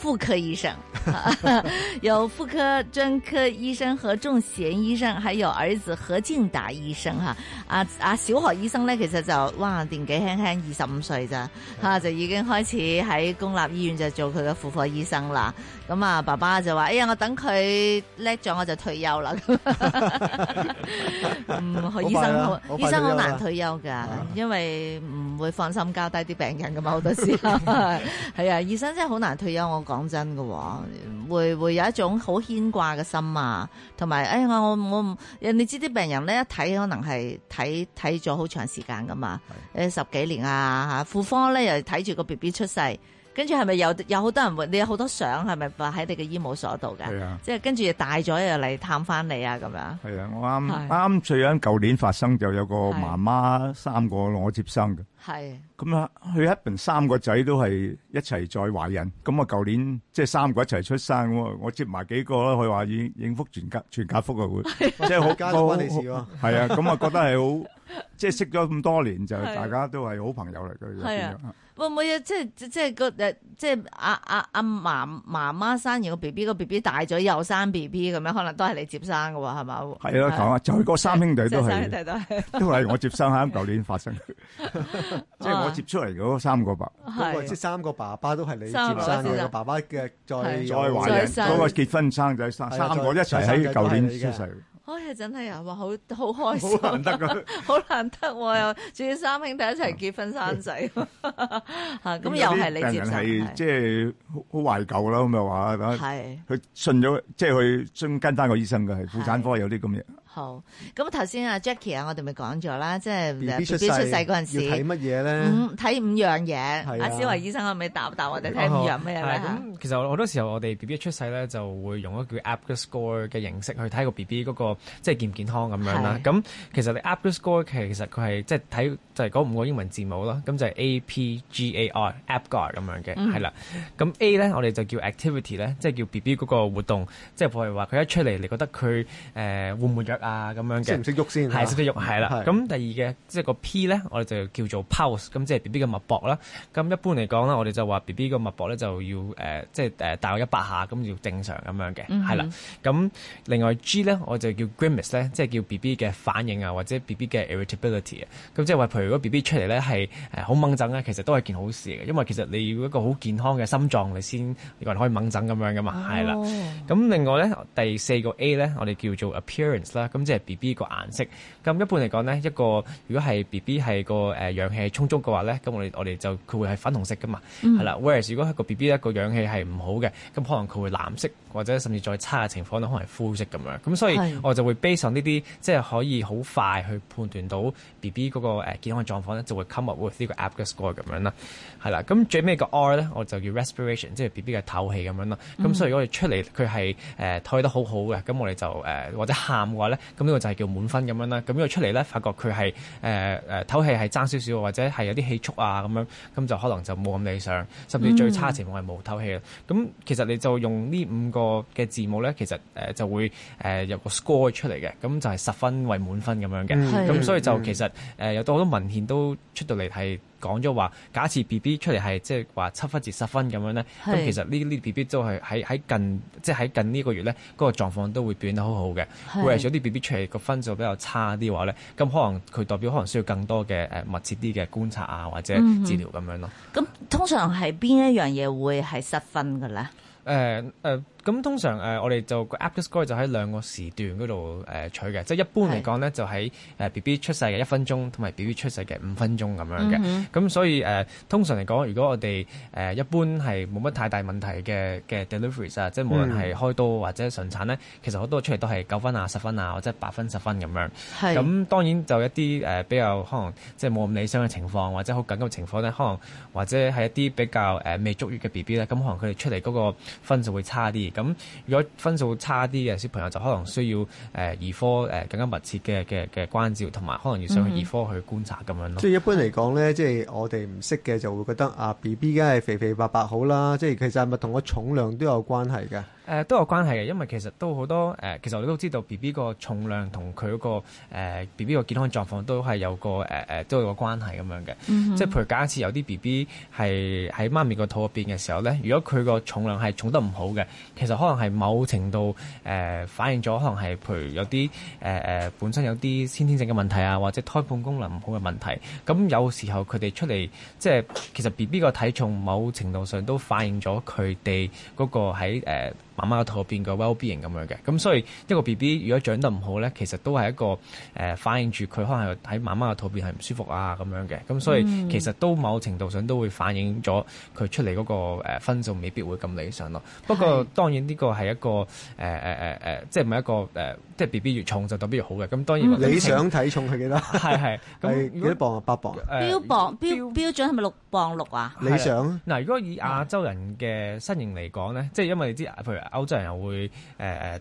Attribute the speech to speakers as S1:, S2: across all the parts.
S1: 婦科醫生， 有婦科專科醫生何仲賢醫生，還有兒子何勁達醫生，哈、啊，啊啊小何醫生咧，其實就哇年紀輕輕二十五歲咋，吓 就已經開始喺公立醫院就做佢嘅婦科醫生啦。咁啊，爸爸就話，哎呀，我等佢叻咗，我就退休啦。咁、 嗯、 醫生好很， 醫生好很 難退休噶， 因為唔會放心交低啲病人噶嘛，好多時係啊，醫生真係好難退休。我講真噶、哦，會會有一種好牽掛嘅心啊，同埋，哎呀，我我唔，你知啲病人咧一睇，可能係睇睇咗好長時間噶嘛，誒，十幾年啊，婦科咧又睇住個 BB 出世。跟住係咪又有好多人？你有好多相係咪擺喺你嘅醫務所度㗎？係啊，即係跟住帶咗又嚟探翻你啊咁樣。係
S2: 啊，我啱啱最近舊年發生就有個媽媽三個我接生嘅。
S1: 係。
S2: 咁啊，佢一邊三個仔都係一齊再懷孕，咁啊舊年即係三個一齊出生，咁啊我接埋幾個啦？佢話應應福全家全家福嘅會，即係好關你事喎。係啊，咁啊覺得係好。即係識咗咁多年 就大家都係好朋友嚟嘅，係
S1: 啊，會唔會啊，即係即係個誒，即係阿阿阿媽媽生完個 B B 個 B B 大咗又生 B B 咁樣，可能都係你接生㗎係咪？係啦，講啊，啊，就係、是、個
S2: 三兄弟都係
S1: 都係
S2: 我接生喺咁，舊 年發生，
S1: 即係我接
S2: 出嚟嗰三個爸，爸，嗰
S1: 啊、即係三個爸
S3: 爸都係你接生嘅，個爸爸嘅，再再懷一個結
S2: 婚生仔生三個一齊喺舊年出世。
S1: 哎呀，真係呀，哇，好好開心，好難得，好難得喎！又仲要三兄弟一齊結婚生仔，咁又係你接生係
S2: 即係好懷舊啦！咁又話，係佢信咗即係去跟跟翻個醫生嘅係婦產科有啲咁嘢。
S1: 好咁頭先啊 Jackie 啊，我哋咪講咗啦，即係 B B 出世嗰陣時要睇
S2: 乜嘢咧？
S4: 五
S1: 睇五樣嘢。阿小維醫生可唔可以答一答我哋睇五樣咩嘢咧？咁
S4: 其實好多時候我哋 B B 出世咧就會用一個 Apgar score 嘅形式去睇個 B B 嗰個。即係健唔健康咁樣啦、啊，咁、嗯、其實你 Apgar score 其實佢係即係睇就係、是、嗰、就是、五個英文字母、就是 APGAR，嗯、啦，咁就係 A P G A R Apgar 咁樣嘅，係啦。咁 A 咧我哋就叫 Activity 咧，即係叫 B B 嗰個活動，即係我哋話佢一出嚟你覺得佢誒、呃、活唔活躍啊咁樣嘅。識唔識喐先、啊？係識喐？係、啊、啦。咁第二嘅即係個 P 咧，我哋就叫做 Pulse 咁即係 B B 嘅脈搏啦。咁一般嚟講啦，我哋就話 B B 個脈搏咧就要誒即係誒大約一百下咁要正常咁樣嘅，係、嗯、啦。咁另外 G 咧我就叫。Grimace 咧，即係叫 B B 嘅反應啊，或者 B B 嘅 irritability 啊，咁即係話，譬如如果 B B 出嚟咧係好掹疹咧，其實都係件好事嘅，因為其實你要一個好健康嘅心臟，你先可能可以掹疹咁樣噶嘛，係、oh. 啦。咁另外咧第四個 A 咧，我哋叫做 appearance 啦，咁即係 B B 個顏色。咁一般嚟講咧，一個如果係 B B 係個氧氣充足嘅話咧，咁我哋我哋就佢會係粉紅色噶嘛，係、mm. 啦。Whereas 如果係個 B B 一個氧氣係唔好嘅，咁可能佢會藍色，或者甚至再差嘅情況可能係灰色咁樣。咁所以、yes. 我。就會 base on 呢啲即係可以好快去判斷到 B B 嗰個誒健康嘅狀況咧，就會 come up with 呢個 app 嘅 score 咁樣啦，係啦。咁最尾個 R 咧，我就叫 respiration，即係 B B 嘅透氣咁樣啦。咁所以如果你出嚟佢係誒透氣得好好嘅，咁我哋就誒、呃、或者喊嘅話咧，咁呢個就係叫滿分咁樣啦。咁如果出嚟咧，發覺佢係誒誒透氣係爭少少，或者係有啲氣促啊咁樣，咁就可能就冇咁理想，甚至最差嘅情況係冇透氣啦。咁、嗯、其實你就用呢五個嘅字母咧，其實誒、呃、就會誒、呃、有個 score。出嚟嘅，咁就係十分為滿分咁樣嘅，咁、嗯、所以就其實誒、嗯呃、有到好多文獻都出到嚟係講咗話，假設 B B 出嚟係即係話七分至十分咁樣咧，咁其實呢啲 B B 都係喺喺近即係喺近呢個月咧，嗰、那個狀況都會變得很好好嘅。如果啲 B B 出嚟個分數比較差啲嘅話咧，咁可能佢代表可能需要更多嘅誒、呃、密切啲嘅觀察啊或者治療咁、嗯、樣咯。咁
S1: 通常係邊一樣嘢會係失分噶咧？
S4: 誒、呃、誒。呃咁通常誒我哋就個 Apgar score 就喺兩個時段嗰度誒取嘅，即係一般嚟講咧，就喺誒 BB 出世嘅一分鐘同埋 BB 出世嘅五分鐘咁樣嘅。咁所以誒通常嚟講，如果我哋誒一般係冇乜太大問題嘅嘅 deliveries 啊，即係無論係開刀或者順產咧、嗯，其實好多出嚟都係九分啊、十分啊或者八分、十分咁樣。咁當然就一啲誒比較可能即係冇咁理想嘅情況或者好緊急嘅情況咧，可能或者係一啲比較誒未足月嘅 BB 咧，咁可能佢哋出嚟個個分數會差啲。咁如果分數差啲嘅小朋友就可能需要誒兒、呃、科更加密切嘅嘅嘅關照，同埋可能要上去兒科去觀察咁、嗯、樣咯。即係一
S3: 般嚟講咧，即係、就是、我哋唔識嘅就會覺得啊，B B 梗係肥肥白白好啦。即係其實係咪同個重量都有關係嘅？
S4: 誒、呃、都有關係嘅，因為其實都好多、呃、其實我哋都知道 B B 個重量同佢、嗰個 B B 個健康狀況都係有個誒、呃、都有個關係咁樣嘅。即係譬如假設有啲 B B 係喺媽咪個肚入邊嘅時候咧，如果佢個重量係重得唔好嘅。其實可能係某程度誒、呃、反映咗，可能係譬如有啲誒、呃、本身有啲先天性嘅問題啊，或者胎盤功能唔好嘅問題。咁有時候佢哋出嚟，即係其實 BB 個體重某程度上都反映咗佢哋嗰個喺誒。呃媽媽嘅肚變個 wellb 咁樣嘅，咁所以一個 B B 如果長得唔好咧，其實都係一個反映住佢可能喺媽媽嘅肚變係唔舒服啊咁樣嘅，咁所以其實都某程度上都會反映咗佢出嚟嗰個分數未必會咁理想咯。不過當然呢個係一個、呃、即係唔係一個、呃、即係 B B 越重就特別越好嘅。咁當然理想體重係幾多？係係幾多磅？八磅。呃、標
S1: 磅標標準係咪六磅六啊？理想
S4: 嗱，如果以亞洲人嘅身形嚟講咧，即係因為你知譬如。歐洲人又會誒誒、呃，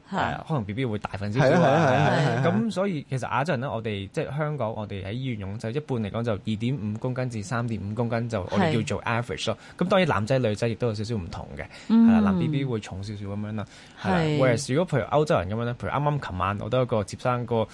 S4: 可能 B B 會大份少少，咁、嗯、所以其實亞洲人咧，我哋即係香港，我哋喺醫院用就一般嚟講就二點五公斤至三點五公斤就我哋叫做 average 咯。咁當然男仔女仔亦都有少少唔同嘅、嗯，男 B B 會重少少咁樣啦。係。如果譬如歐洲人咁樣咧，譬如啱啱琴晚我都有個接生個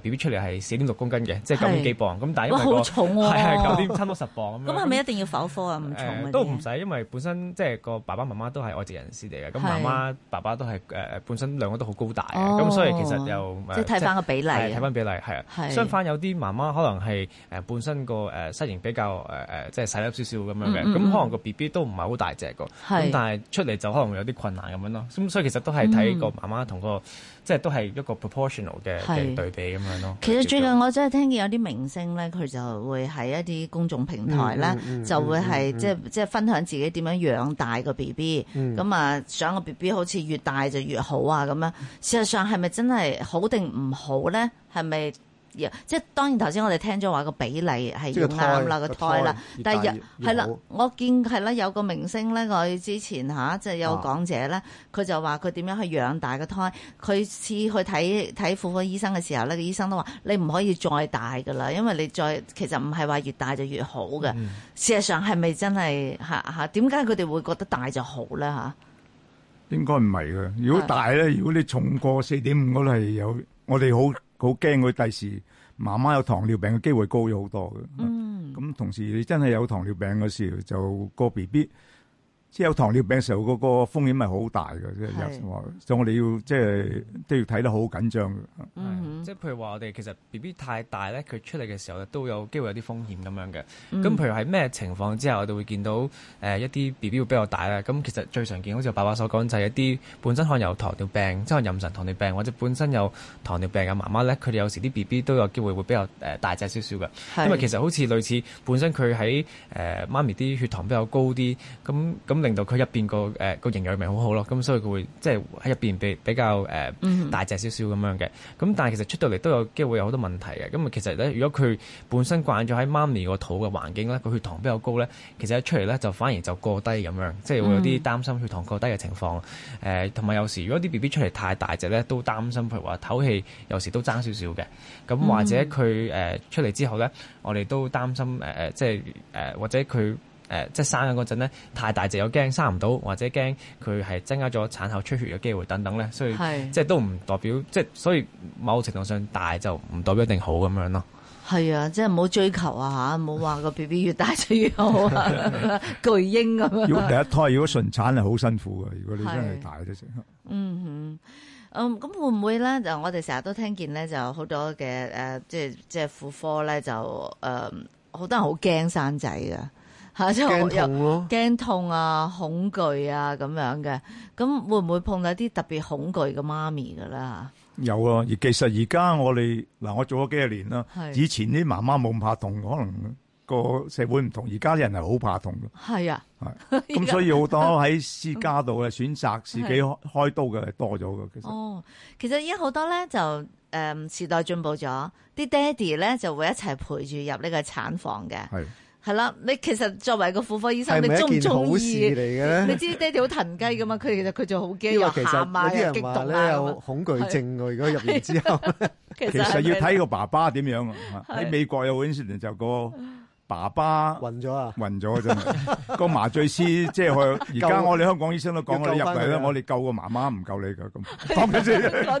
S4: B B 出嚟係四點六公斤嘅，即係九點幾磅。咁但係因為、那個係係九點差唔多十磅咁。咁係咪一定要剖科啊？唔、呃、重都唔使，因為本身即係個爸爸媽媽都係外籍人士嚟嘅，咁媽媽，爸爸都係誒、呃、本身兩個都好高大嘅，咁、哦、所以其實又、呃、即係睇翻個比例，睇翻比例係相反，有啲媽媽可能係誒、呃、本身個誒身形比較誒誒、呃、即係細粒少少咁樣嘅，咁、嗯嗯、可能個 B B 都唔係好大隻個，咁但係出嚟就可能會有啲困難咁樣咯，咁所以其實都係睇個媽媽同個。嗯即係都係一個 proportional 嘅嘅對比咁樣咯。其實最
S1: 近我真係聽見有啲明星咧，佢就會喺一啲公眾平台咧、嗯嗯嗯，就會係、嗯、即係即係分享自己點樣養大個 BB、嗯。咁啊，想個 BB 好似越大就越好啊咁樣。事實上係咪真係好定唔好咧？係咪？即係當然，頭先我哋聽咗話個比例係要啱啦，個胎啦，但係係啦，我見係啦有個明星咧，佢之前、啊、就即、是、有講者咧，佢、啊、就話佢點樣去養大個胎。佢次去睇睇婦科醫生嘅時候咧，個醫生都話你唔可以再大㗎喇，因為你再其實唔係話越大就越好嘅、嗯。事實上係咪真係點解佢哋會覺得大就好咧嚇？
S2: 應該唔係嘅。如果大咧，如果你重過四點五，我都有我哋好。好驚佢第時媽媽有糖尿病嘅機會高咗好多嘅。咁、嗯、同時，你真係有糖尿病嗰時候，就個 BB。即係有糖尿病嘅時候，嗰個風險係好大嘅、嗯嗯， 即有時話，所以我哋要即係都要睇得好緊張。即
S4: 係譬如話，我哋其實 B B 太大咧，佢出嚟嘅時候都有機會有啲風險咁樣嘅。咁、嗯嗯、譬如喺咩情況之下，我哋會見到誒一啲 B B 會比較大咧？咁其實最常見，好似爸爸所講，就係、是、一啲本身可能有糖尿病，即可能妊娠糖尿病或者本身有糖尿病嘅媽媽咧，佢哋有時啲 B B 都有機會會比較誒大隻少少嘅，因為其實好似類似本身佢喺誒媽咪啲血糖比較高啲，咁咁。令到佢入邊個誒個營養咪好好咯，咁所以佢會即係喺入邊比比較誒大隻少少咁樣嘅。咁、嗯、但係其實出到嚟都有機會有好多問題嘅。咁啊，其實咧，如果佢本身慣咗喺媽咪個肚嘅環境咧，佢血糖比較高咧，其實一出嚟咧就反而就過低咁樣，即係會有啲擔心血糖過低嘅情況。誒、嗯，同埋有，有時如果啲 B B 出嚟太大隻咧，都擔心譬如話唞氣，有時都爭少少嘅。咁或者佢誒出嚟之後咧，我哋都擔心誒誒，即係誒或者佢。誒，即係生嘅嗰陣咧，太大隻又驚生唔到，或者驚佢係增加咗產後出血嘅機會等等咧，所以即係都唔代表即係，所以某程度上大就唔代表一定好咁樣咯。
S1: 係啊，即係唔好追求啊唔好話個 B B 越大就越好 啊，巨嬰咁啊。如果第一
S2: 胎如果順產係好辛苦嘅，如果你真係大啲
S1: 先。嗯嗯咁、嗯、會唔會咧？就我哋成日都聽見咧，就好多嘅即係即係婦科咧，就誒好多人好驚生仔嘅。吓，即係驚痛啊，痛啊，痛啊恐懼啊咁樣嘅，咁會唔會碰到啲特別恐懼嘅媽咪噶啦？
S2: 有啊，而其實而家我哋嗱，我做咗幾廿年啦。係。以前啲媽媽冇咁怕痛，可能個社會唔同。而家人係好怕痛。係啊，係
S1: 咁所以好多喺私家度
S2: 嘅選擇自己開刀嘅係多咗嘅。其實哦，
S1: 其實而家好多咧就誒、嗯、時代進步咗，啲爹哋咧就會一齊陪住入呢個產房嘅。係。係啦，你其實作為一個婦科醫生，你鍾唔鍾意嚟嘅？你知爹哋好騰雞㗎嘛？佢其實佢就好驚其喊啊，又極度啊，又
S2: 恐懼症喎、啊！如果入嚟之後，
S1: 其實要睇個
S2: 爸爸點樣喺、啊、美國有一個 incident 就個爸爸暈咗啊，暈咗真係個 麻醉師即係而家我哋香港醫生都講，過你入嚟呢，我哋救個媽媽唔救你㗎咁。講緊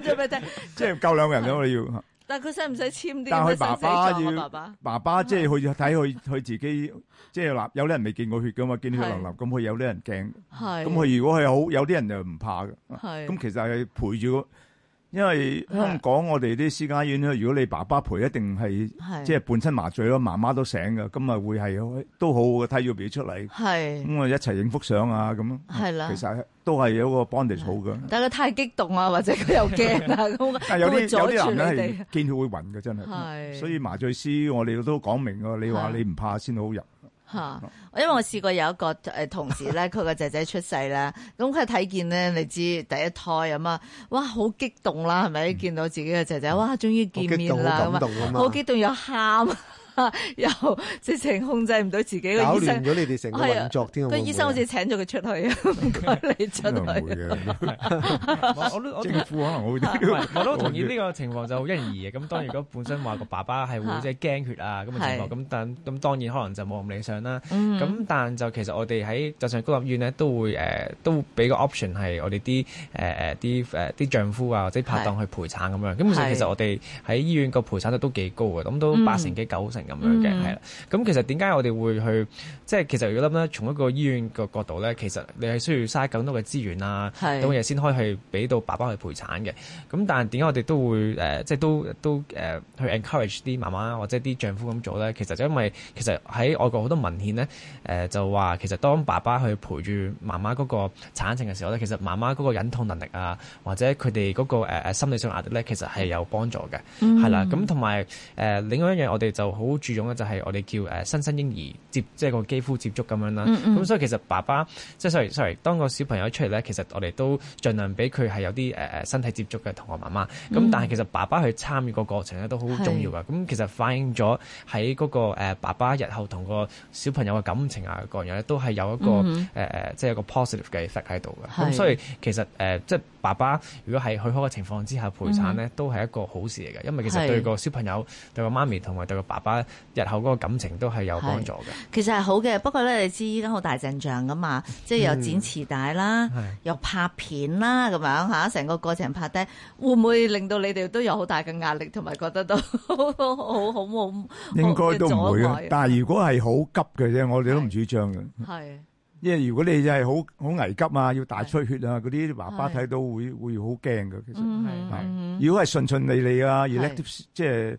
S2: 咗咩啫？ 即係救兩個人、啊、我哋要。
S1: 但佢使唔使簽啲？但佢爸爸要、
S2: 啊、爸爸即係去睇佢，佢自己即係嗱， 有啲人未見過血噶嘛，見血流流咁，佢有啲人驚。
S1: 係。咁佢如
S2: 果係好，有啲人就唔怕嘅。係。咁其實係陪住。因為香港我哋啲私家醫院咧，如果你爸爸陪，一定係即係半身麻醉咯，媽媽都醒㗎。咁咪會係都好好睇住佢出嚟。係咁啊，一齊影幅相啊咁咯。係啦，其實都係有個幫你好㗎。
S1: 但係太激動啊，或者佢又驚啊，有啲有啲男人係
S2: 見佢會暈㗎。真係，所以麻醉師我哋都講明㗎，你話你唔怕先好入。
S1: 嚇！因為我試過有一個誒同事咧，佢個仔仔出世啦，咁佢睇見咧，你知第一胎咁啊，哇！好激動啦，係咪？嗯、見到自己嘅仔仔，哇！終於見面啦，咁啊！好激動又喊。啊！又直情控制唔到自己嘅醫生，搞亂咗你哋成個動作添啊！對，醫生好似請咗佢出去啊，唔該你進來。我都我
S2: 丈夫可能會，我都同意
S4: 呢個情況就好因人而異嘅。咁當然，如果本身話個爸爸係會即係驚血啊咁嘅情況，咁等咁當然可能就冇咁理想啦。咁但就其實我哋喺就算公立醫院呢，都會誒都俾個 option 係我哋啲誒誒啲誒啲丈夫啊或者拍檔去陪產咁樣。咁其實其實我哋喺醫院個陪產率都幾高嘅，咁都八成幾九成。咁樣嘅係啦，咁其實點解我哋會去，即係其實如果諗咧，從一個醫院嘅角度咧，其實你係需要嘥更多嘅資源啊，咁嘢先可以去俾到爸爸去陪產嘅。咁但係點解我哋都會誒、呃，即係都都誒、呃，去 encourage 啲媽媽或者啲丈夫咁做咧？其實就因為其實喺外國好多文獻咧，誒、呃、就話其實當爸爸去陪住媽媽嗰個產程嘅時候咧，其實媽媽嗰個忍痛能力啊，或者佢哋嗰個誒誒、呃、心理上壓力咧，其實係有幫助嘅，係、嗯、啦。咁同埋誒另外一樣我哋就好。好注重嘅就係我哋叫誒新生嬰兒接即係個肌膚接觸咁樣啦，咁、mm -hmm. 嗯、所以其實爸爸即係 sorry sorry，當個小朋友出嚟咧，其實我哋都盡量俾佢係有啲誒誒身體接觸嘅同我媽媽，咁、mm -hmm. 但係其實爸爸去參與個過程咧都好重要嘅，咁、嗯、其實反映咗喺嗰個誒、呃、爸爸日後同個小朋友嘅感情啊各樣咧，都係有一個誒誒、mm -hmm. 呃、即係一個 positive 嘅 effect 喺度嘅，咁、嗯、所以其實誒、呃、即係爸爸如果係許可嘅情況之下陪產咧，mm -hmm. 都係一個好事嚟嘅，因為其實對個小朋友、對個媽咪同埋對個爸爸。日後嗰個感情都係有幫助嘅，
S1: 其實係好嘅。不過咧，你知依家好大陣仗噶嘛，嗯、即係又剪臍帶啦，又拍片啦，咁樣吓，成個過程拍低，會唔會令到你哋都有好大嘅壓力？同埋覺得都好好好，好好好好應該都唔會 但係
S2: 如果係好急嘅啫，我哋都唔主張嘅。
S1: 係，
S2: 因為如果你就係好好危急啊，要大出血啊，嗰啲爸爸睇到會會好驚嘅。其實係，如果係順順利利啊 elective 即係。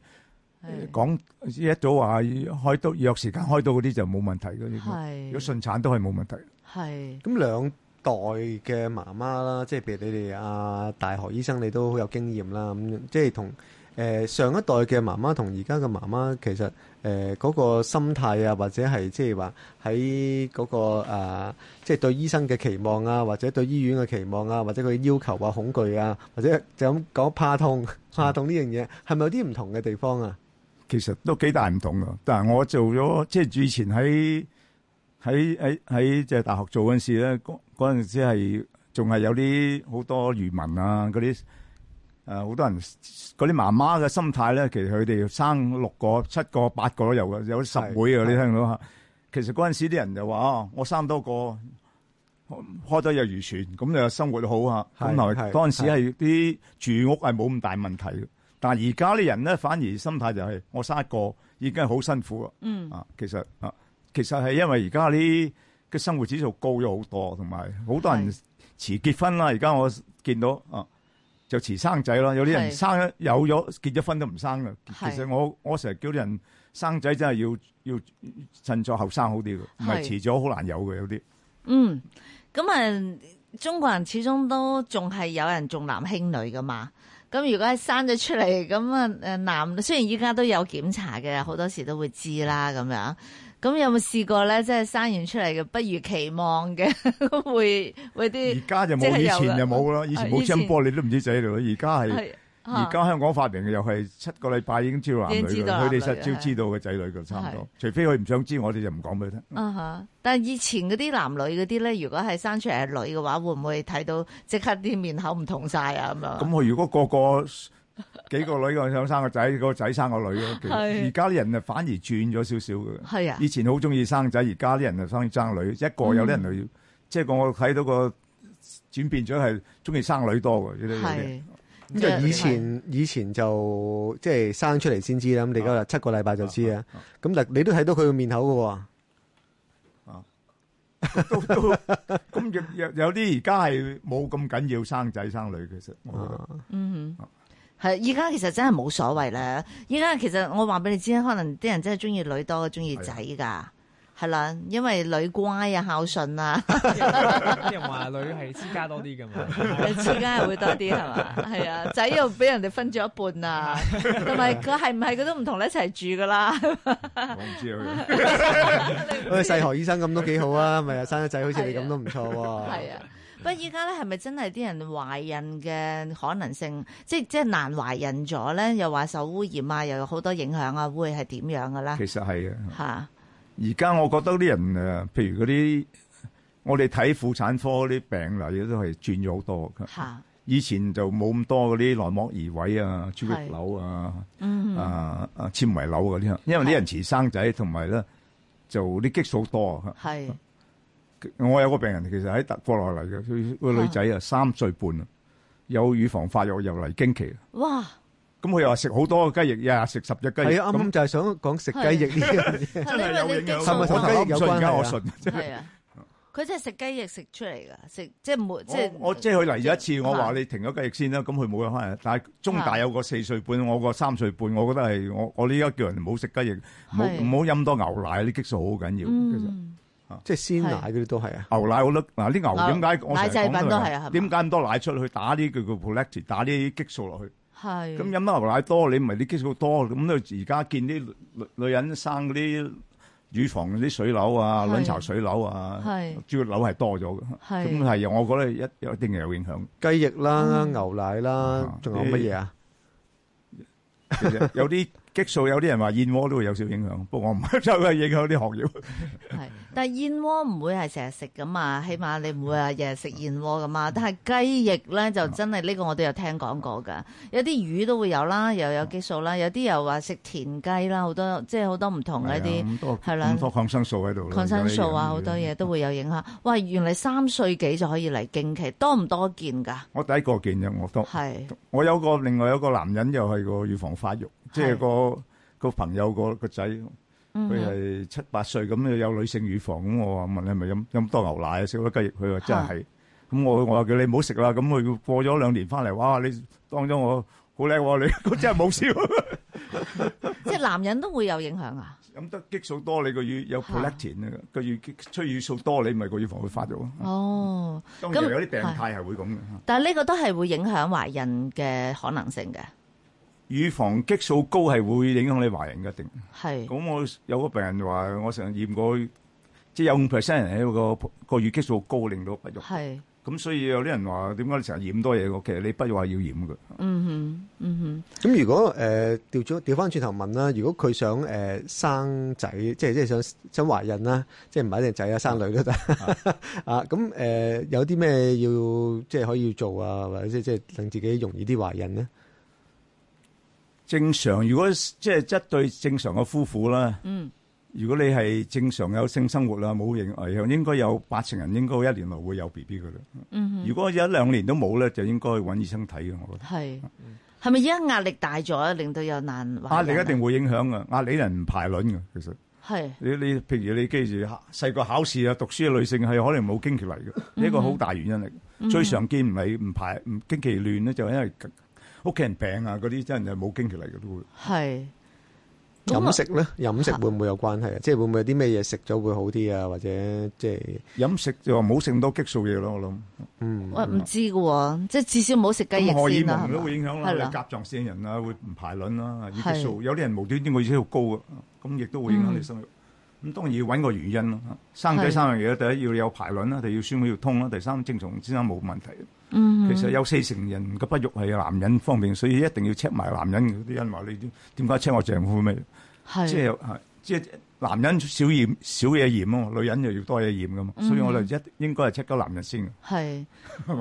S2: 講一早話開刀約時間開刀嗰啲就冇問題嘅，如果順產都係冇問題。
S3: 係咁兩代嘅媽媽啦，即係譬如你哋啊大學醫生，你都好有經驗啦。咁即係同誒上一代嘅媽媽同而家嘅媽媽，其實誒嗰個心態啊，或者係即係話喺嗰個即係、啊即係、對醫生嘅期望啊，或者對醫院嘅期望啊，或者佢要求啊、恐懼啊，或者就咁講怕
S2: 痛、怕痛呢樣嘢，係咪有啲唔同嘅地方啊？其實都幾大唔同㗎，但係我做咗即係以前喺喺喺喺即係大學做嗰時咧，嗰嗰陣時係仲係有啲好多漁民啊，嗰啲誒好多人嗰啲媽媽嘅心態咧，其實佢哋生六個、七個、八個都有嘅，有十個嘅，你聽到吓。其實嗰陣時啲人就話我生多個開得有漁船，咁就生活好嚇。本同埋嗰陣時係啲住屋係冇咁大問題嘅。但係而家啲人咧，反而心態就係我生一個已經係好辛苦啊，嗯！啊，其實啊，其實係因為而家啲嘅生活指數高咗好多，同埋好多人遲結婚啦。而家我見到啊，就遲生仔啦。有啲人生有咗結咗婚都唔生嘅。其實我我成日叫啲人生仔真係要要趁咗後生好啲嘅，唔係遲咗好難有嘅有啲。
S1: 嗯，咁、嗯、啊、嗯，中國人始終都仲係有人重男輕女嘅嘛。咁如果係生咗出嚟，咁啊誒男，雖然依家都有檢查嘅，好多時都會知啦咁樣。咁有冇試過咧？即係生完出嚟嘅不如期望嘅，會會啲。而家就冇、就是，以前就冇咯、啊。以前冇超波，
S2: 你都唔知仔喺度。而家係。而家香港發明嘅又係七個禮拜已經知道男女嘅，佢哋實招知道嘅仔女就差唔多，除非佢唔想知，我哋就唔講俾佢聽。
S1: 啊哈！但係以前嗰啲男女嗰啲咧，如果係生出嚟係女嘅話，會唔會睇到即刻啲面口唔同晒啊？咁樣咁
S2: 佢如果個個幾個女嘅想生個仔， 個仔生個女咯。而家啲人啊，反而轉咗少少嘅。係啊！以前好中意生仔，而家啲人就中意生女。一個有啲人就、嗯，即係我睇到個轉變咗係中意生女多嘅。係。即係以
S3: 前，以前就即係生出嚟先知啦。咁你今日七個禮拜就知啊。咁嗱，
S2: 你都睇到佢個面口噶喎。啊，咁、啊啊哦啊啊、 有有啲而家係冇咁緊要生仔生女，其實我
S1: 覺得。啊、嗯係，而、啊、家其實真係冇所謂啦。而家其實我話俾你知，可能啲人真係中意女多過中意仔噶。係啦，因為女乖啊，孝順啊。
S4: 啲人話女係私家多啲噶嘛，私家又會多啲係嘛？係 啊，
S1: 仔又俾人哋分咗一半啊，同埋佢係唔係佢都唔同你一齊住噶啦？
S3: 我唔知佢細何醫生咁都幾好啊，咪 啊，生個仔好似你咁都唔錯喎。係啊， 是是
S1: 是不過依家咧係咪真係啲人懷孕嘅可能性，即係即係難懷孕咗咧？又話受污染啊，又有好多影響啊，會係點樣噶啦？其實係啊。吓。
S2: 而家我覺得啲人誒，譬如嗰啲我哋睇婦產科啲病例都係轉咗好多。嚇！以前就冇咁多嗰啲內膜異位啊、朱古力瘤啊、
S3: 啊、
S2: 嗯、啊纖維瘤嗰啲，因為啲人遲生仔，同埋咧就啲激素多。係、啊。我有個病人其實喺國內嚟嘅，佢個女仔啊三歲半，有乳房發育又嚟經期。哇！咁佢又話食好多雞翼呀！食十隻雞翼。係啊，啱啱就係想講食雞翼呢啲。
S1: 係咪同頭啱
S2: 順？而家我信。係
S1: 啊，佢真係食雞翼食出嚟噶，食即係冇即係。我即
S2: 係佢嚟咗一次，我話你停咗雞翼先啦。咁佢冇可能。但係中大有個四歲半，我個三歲半，我覺得係我我呢家叫人唔好食雞翼，唔好唔好飲多牛奶，啲激素好緊要。其實，即係鮮奶嗰啲都係啊，牛奶好啦。嗱，啲牛點解奶製品都係啊？點解咁多奶出去打啲叫叫 prolactin，打啲激素落去？係咁飲牛奶多，你唔係啲激素多咁。你而家見啲女女人生嗰啲乳房嗰啲水瘤啊，卵巢水瘤啊，主要瘤係多咗嘅。咁係我覺得一有一定係有影響，雞翼啦、牛奶啦，仲有乜嘢啊？其
S1: 實
S2: 有啲。激素有啲人話燕窩都會有少影響，不過我唔真係影響啲學業係，
S1: 但係燕窩唔會係成日食噶嘛，起碼你唔會話日日食燕窩噶嘛。但係雞翼咧就真係呢個我都有聽講過噶，有啲魚都會有啦，又有激素啦，有啲又話食田雞啦，好多即係好多唔同嘅一
S2: 啲係啦，五抗生素喺度，抗生素啊好多
S1: 嘢，啊、都會有影響。喂、嗯，原嚟三歲幾就可以嚟經期，多唔多見噶？
S2: 我第一個見啫，我都我有一個另外有個男人又係個預防發育。即係個個朋友個個仔，
S1: 佢係
S2: 七八歲咁，有女性乳房咁，我問你係咪飲飲多牛奶、食多雞翼？佢話真係。咁我我話叫你唔好食啦。咁佢過咗兩年翻嚟，哇！你當中我好叻喎，你真係冇笑。
S1: 即係男人都會有影響啊！飲得
S2: 激素多，你個乳有 prolactin 啊，個乳催乳素多，你咪個乳房會發育。哦，
S1: 咁、嗯、當然有啲病態
S2: 係會咁嘅。
S1: 但係呢個都係會影響懷孕嘅可能性嘅。
S2: 乳房激素高係會影響你懷孕嘅定？係。咁、嗯、我有個病人話：我成日驗過，即係有五 percent 人有個個激素高，令到不育。係。咁、嗯、所以有啲人話：點解你成日驗多嘢？其實你不如話要驗嘅。嗯哼，嗯
S1: 哼。
S2: 咁如果誒調轉調翻轉頭問啦，如果佢想誒、呃、生
S3: 仔，即係即係想想懷孕啦，即係唔係一定仔啊，生女都得啊？咁 誒、啊呃、有啲咩要即係可以做啊，或者即係即係令自己容易啲懷孕咧？
S2: 正常，如果即係一對正常嘅夫婦啦、嗯，如果你係正常有性生活啦，冇任何嘢，應該有八成人應該一年內會有 B B 嘅啦。如果有一兩年都冇咧，就應該揾醫生睇嘅。我覺
S1: 得係，係咪而家壓力大咗，令到有難？壓力一定
S2: 會影響嘅，壓力人唔排卵嘅，其實係你你譬如你記住細個考試啊、讀書嘅女性係可能冇經期嚟嘅，呢、嗯呢個好大原因嚟。最常見唔係唔排唔經期亂咧，就因為。屋企人病啊，嗰啲真係冇經期嚟嘅都會。
S1: 係飲食
S2: 咧，飲食會唔會有關係啊？即係會唔會有啲咩嘢食咗會好啲啊？或者即係飲食就冇食咁多激素嘢咯。我諗，嗯，我、嗯、
S1: 唔、嗯嗯、知嘅喎，即係至少冇食雞翼，荷爾蒙都會影響啦，你甲
S2: 狀腺人啊會唔排卵啦，激素有啲人無端端我已經要高嘅，咁亦都會影響你生育。咁當然要揾個原因咯。生仔三樣嘢，第一要有排卵啦，第二要輸卵管要通啦，第三正常先生冇問題。其實有四成人嘅不育係男人方面，所以一定要 check 埋男人，啲人話你點解 check 我丈夫咩？即係即係男人少驗少嘢驗啊，女人就要多嘢驗噶嘛，所以我哋一應該係 check 咗男人
S1: 先。係，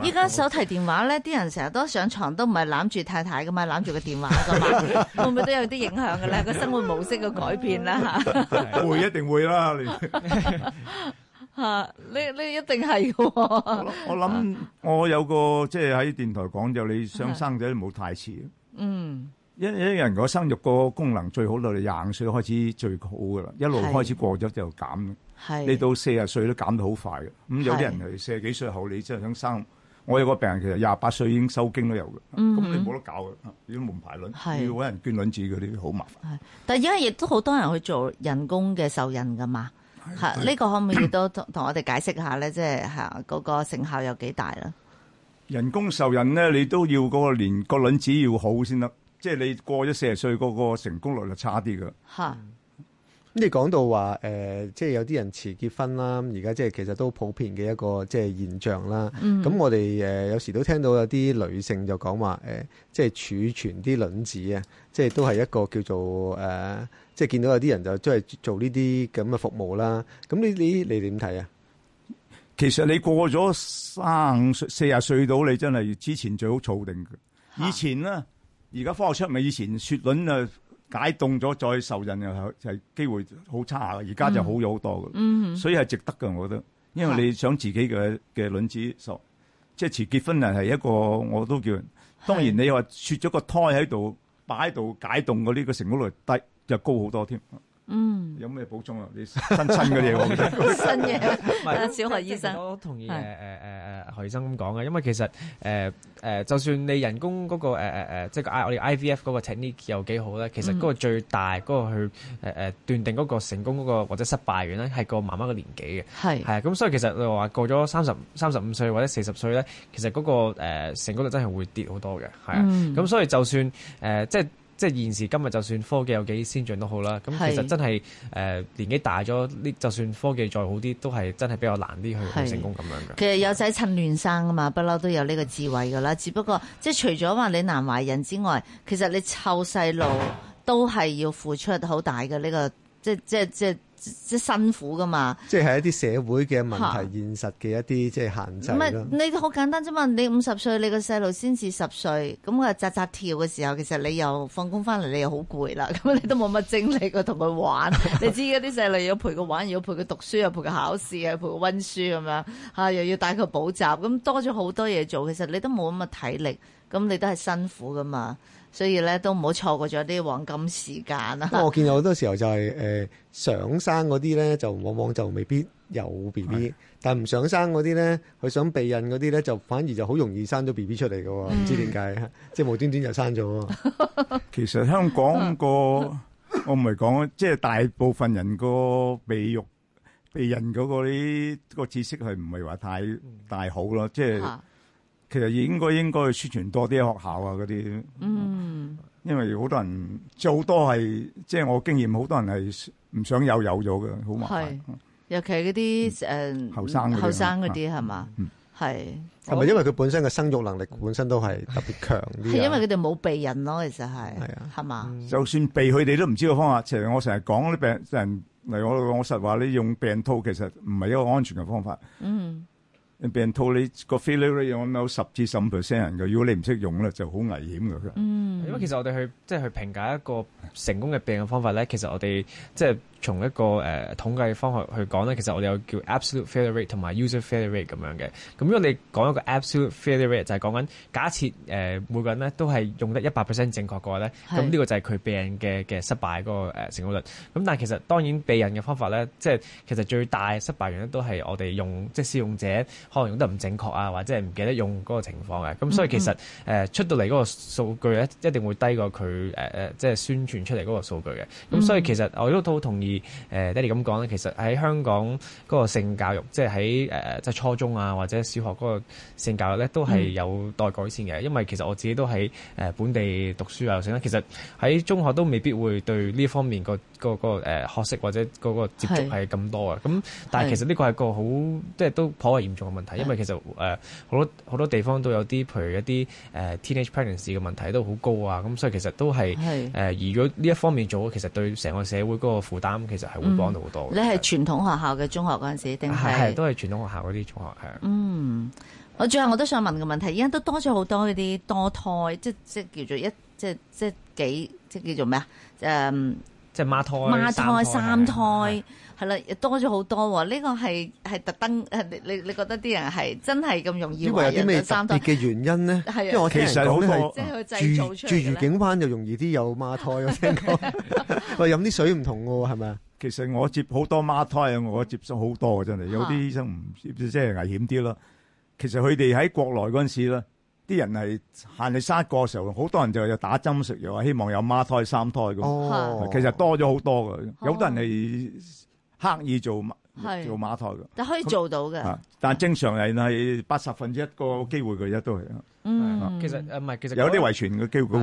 S1: 依家手提電話咧，啲人成日都上床都唔係攬住太太噶嘛，攬住個電話噶嘛， 會唔會都有啲影響嘅咧？個 生活模式嘅改變啦，
S2: 會 一定會啦。你
S1: 吓、啊！你你一定係嘅、哦。我諗
S2: 我，我有個即係喺電台講，就你想生仔都冇太遲。嗯，一一人嘅生育個功能最好都你廿五歲開始最好噶啦，一路開始過咗就減。係。你到四十歲都減到好快嘅。咁有啲人係四十幾歲後，你真係想生，我有個病人其實廿八歲已經收經都有嘅。咁、嗯、你冇得搞嘅，要門牌卵，你要搵人捐卵子嗰啲好麻煩。係。
S1: 但而家亦都好多人去做人工嘅受孕噶嘛？吓，呢、這個可唔可以都同同我哋解釋下咧？即係吓，嗰、 就是、個成效有幾大咧？
S2: 人工受孕咧，你都要嗰個年個卵子要好先得，即、就、係、是、你過咗四十歲，嗰、那個成功率就差啲噶。
S1: 吓、嗯，咁
S2: 你
S3: 講到話誒、呃，即係有啲人遲結婚啦，而家即係其實都普遍嘅一個即係現象啦。咁、嗯、我哋誒有時都聽到有啲女性就講話誒，即係儲存啲卵子啊，即係都係一個叫做誒。呃即係見到有啲人就真係做呢
S2: 啲咁嘅服務啦。咁你你你點睇啊？其實你過咗三十歲四十歲到，你真係之前最好儲定。以前咧，而家科學出咪以前雪卵啊解凍咗再受孕又係機會好差，而家就好咗好多嘅、嗯。所以係值得嘅，我覺得，因為你想自己嘅嘅卵子受、啊，即係遲結婚啊，係一個我都叫人。當然你話雪咗個胎喺度擺喺度解凍，個、這、呢個成功率低。就高好多添。嗯，有咩補充啊？啲
S4: 新親嗰啲嘢，新嘢
S1: 唔係啊，小學醫生。我我同意誒
S4: 誒誒誒何醫生咁講嘅，因為其實誒誒、呃呃，就算你人工嗰、嗰個誒誒即係個 I 我哋 IVF 嗰個 technique 又幾好咧，其實嗰個最大嗰個去誒誒、呃呃、斷定嗰個成功嗰、嗰個或者失敗嘅咧，係個媽媽嘅年紀嘅。係係啊，咁所以其實你話過咗三十三十五歲或者四十歲咧，其實嗰個誒成功率真係會跌好多嘅。係啊，咁、嗯、所以就算誒即係。呃即係即係現時今日，就算科技有幾先進都好啦。咁其實真係誒年紀大咗，呢就算科技再好啲，都係真係比較難啲去成功咁
S1: 樣嘅。其實有仔趁亂生啊嘛，不、嗯、嬲都有呢個智慧㗎啦。只不過即係除咗話你難懷孕之外，其實你湊細路都係要付出好大嘅呢、這個。即即即即，即辛苦噶嘛？
S3: 即係一啲社會嘅問題、啊、現實嘅一啲即係限制咯。你
S1: 好簡單啫嘛！你五十歲，你個細路先至十歲，咁啊扎扎跳嘅時候，其實你又放工翻嚟，你又好攰啦。咁你都冇乜精力去同佢玩。 你知嗰啲細路要陪佢玩，要陪佢讀書，又陪佢考試，又陪佢温書咁樣嚇，又要帶佢補習，咁多咗好多嘢做。其實你都冇咁嘅體力，咁你都係辛苦噶嘛。所以咧，都唔好錯過咗啲黃金時間啦。不過我
S3: 見好多時候就係誒想生嗰啲咧，就往往就未必有 B B，但唔想生嗰啲咧，佢想避孕嗰啲咧，就反而就好容易生咗 B B 出嚟㗎喎，唔、嗯、知點解，即係無端端就生咗、嗯。
S2: 其實香港個我唔係講，即 係大部分人個避育、避孕嗰個啲個知識係唔係話太大好咯，即、就是其實應該應該去宣傳多啲學校啊嗰啲、嗯，因為好多人，好多係即係我經驗，好多人係唔、就是、想有有咗嘅，好
S3: 麻
S1: 煩。尤其係嗰啲誒後生後生嗰啲係嘛，係、嗯。唔、呃、咪？啊、係咪因為
S2: 佢本身嘅生育能力本身都係特別強、
S3: 啊，係 因為
S1: 佢哋冇避孕咯，其實係係嘛。
S2: 就算避佢哋都唔知道個方法，其實我成日講啲病人嚟，我我實話你用病套其實唔係一個安全嘅方法。
S1: 嗯。
S2: 病痛你個 failure 有冇十至十五 percent 嘅？如果你唔識用咧，就好危險㗎。嗯，因為其
S4: 實我哋去即係、就是、去評價一個成功嘅病嘅方法咧，其實我哋即係、就是從一個誒、呃、統計方法去講咧，其實我哋有叫 absolute failure rate 同埋 user failure rate 咁樣嘅。咁、嗯、如果你講一個 absolute failure rate，就係講緊假設、呃、每個人咧都係用得一百 percent 正確嘅話。咧，咁、嗯、呢、這個就係佢避孕嘅嘅失敗嗰個成功率。咁、嗯、但係其實當然避孕嘅方法咧，即係其實最大失敗原因都係我哋用即係使用者可能用得唔正確啊，或者係唔記得用嗰個情況嘅。咁、嗯嗯嗯、所以其實、呃、出到嚟嗰個數據咧，一定會低過佢、呃、即係宣傳出嚟嗰個數據嘅。咁、嗯嗯、所以其實我都好同意。誒 Daddy 咁講咧，其實喺香港嗰個性教育，即係喺誒即係初中啊，或者小學嗰個性教育咧，都係有待改善嘅、嗯。因為其實我自己都喺誒、呃、本地讀書啊，成啦，其實喺中學都未必會對呢方面、嗰個、嗰個個誒、呃、學識或者嗰個接觸係咁多啊。咁但係其實呢個係個好，即、就、係、是、都頗為嚴重嘅問題。因為其實誒好、呃、多好多地方都有啲，譬如一啲誒、呃、Teenage Parents 嘅問題都好高啊。咁所以其實都係誒、呃，如果呢一方面做，其實對成個社會嗰個負擔。其實係會幫到好多的、嗯。你
S1: 係傳統學校嘅中學嗰陣時候，定係、啊、都係傳統學校嗰啲中學係。嗯，我最後我都想問個問題，而家都多咗好多嗰啲多胎，即即叫做一即即幾即叫做咩啊？誒、嗯，即孖胎、孖胎、三胎。三胎係啦，多咗好多喎！呢個係特登，你你覺得啲人係真係咁容、， 啊、容易有有三胎嘅
S3: 原因咧？係啊，因為我其實講咧係住住愉
S2: 景灣就容易啲有孖胎，我聽講佢飲啲水唔同喎，係咪啊？其實我接好多孖胎啊，我接收好多真係有啲醫生唔即係危險啲咯。其實佢哋喺國內嗰陣時咧，啲人係限你生一個時候，好多人就又打針食藥，希望有孖胎三胎咁、哦。其實多咗好多嘅，有啲人係。哦刻意做馬做馬台嘅，係，
S1: 但可以做到嘅。
S2: 但正常人係八
S4: 十分之一個機會嘅啫，都係。嗯，其實誒唔係，其實有啲遺傳嘅機會高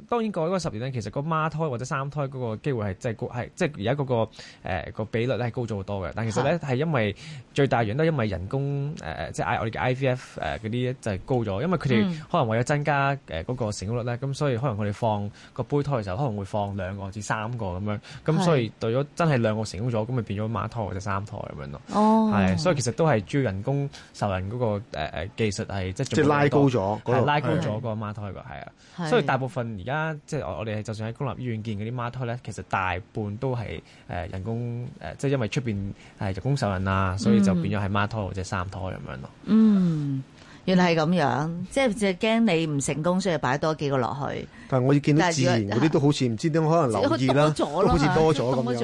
S4: 啲。當然過咗嗰十年咧，其實個孖胎或者三胎嗰個機會係真係高，係即係而家嗰個誒個比率咧係高咗好多嘅。但其實咧係因為最大原因都係因為人工誒即係 I 我哋嘅 IVF 誒嗰啲就係高咗，因為佢哋可能為咗增加誒嗰個成功率咧，咁所以可能佢哋放個胚胎嘅時候可能會放兩個至三個咁樣，咁所以對咗真係兩個成功咗，咁咪變咗孖胎或者三胎咁樣咯。哦，係，所以其實都係主要人。人工受孕嗰個誒誒技術係即係拉高咗，拉高咗個孖胎喎，係啊，所以大部分而家即係我我哋就算喺公立醫院見嗰啲孖胎咧，其實大半都係誒人工誒，即係因為出邊係人工受孕啊，所以就變咗係孖胎或者三胎咁樣咯。嗯。
S1: 原係咁樣，即係驚你唔成功，所以擺多幾個落去。
S4: 但
S3: 係
S2: 我
S1: 見到自然嗰啲
S2: 都好似唔知點，可能
S1: 留意啦，都好似多咗咁。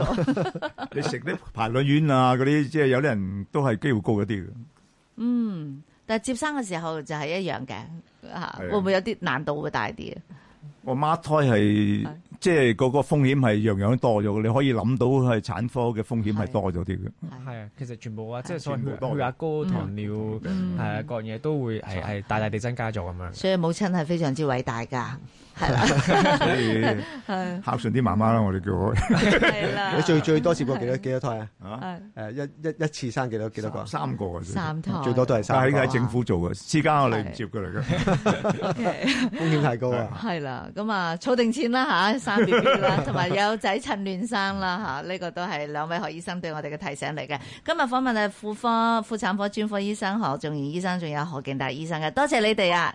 S1: 多
S2: 你食啲排卵丸啊，嗰啲即係有啲人都係機會高一啲嘅。嗯，
S1: 但係接生嘅時候就係一樣嘅，嚇會唔會有啲難度會大啲啊？我
S2: 孖胎係即係嗰個風險係樣樣多咗，你可以諗到係產科嘅
S4: 風險係多咗啲嘅。係啊，其實全部啊，即係在血壓、高糖尿係啊、嗯，各樣嘢都會係係大大地增加咗咁樣。
S1: 所以母親係非常之偉大㗎。嗯係啊， 所以
S4: 孝上順啲媽媽啦，我哋叫我。係啦，你最最多接過幾多
S3: 幾多胎啊？嚇誒、啊啊、一一一次生幾多幾多個？三個啊，三胎最多都係三。啊、但係應該係政
S2: 府做嘅，私家我哋唔接嘅嚟嘅，風險、啊、 太高
S3: 是啊，是
S1: 啊。係啦，咁啊儲定錢啦嚇、啊，生 B 啦，同埋有仔趁亂生啦嚇，呢個都係兩位何醫生對我哋嘅提醒嚟嘅。今日訪問係婦科、婦產科專科醫生何仲賢醫生，仲有何勁達醫生嘅，多謝你哋啊！